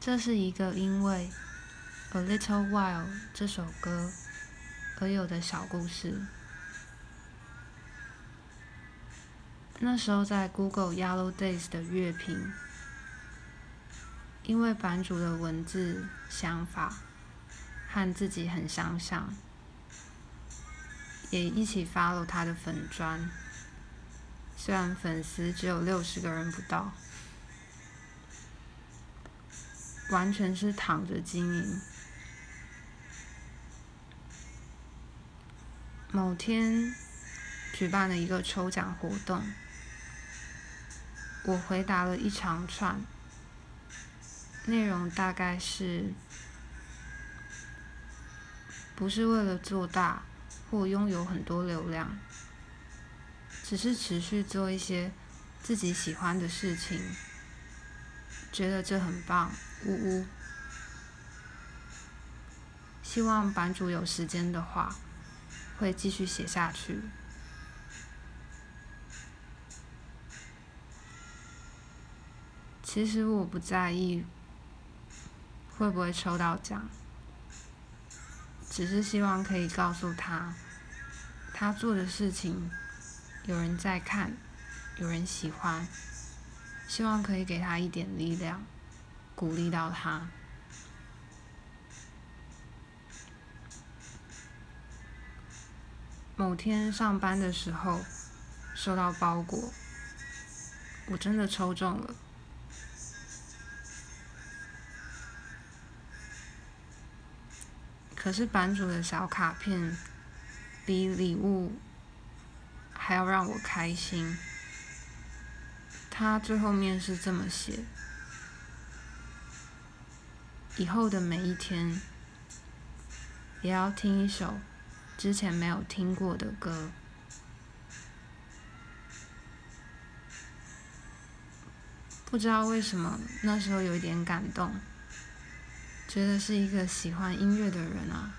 這是一個因為《A Little While》這首歌而有的小故事。那時候在 Google Yellow Days 的樂評，因為版主的文字想法和自己很相像，也一起 follow 他的粉專。雖然粉絲只有六十個人不到。完全是躺着經營。某天，舉辦了一個抽獎活動，我回答了一長串，內容大概是，不是為了做大或擁有很多流量，只是持續做一些自己喜歡的事情。我覺得這很棒，嗚嗚。希望版主有時間的話，會繼續寫下去。其實我不在意會不會抽到獎，只是希望可以告訴他，他做的事情有人在看，有人喜歡。希望可以給他一點力量，鼓勵到他。某天上班的時候，收到包裹，我真的抽中了。可是版主的小卡片比禮物還要讓我開心。他最後面是這麼寫：以後的每一天，也要聽一首之前沒有聽過的歌。不知道為什麼那時候有一點感動，覺得是一個喜歡音樂的人啊。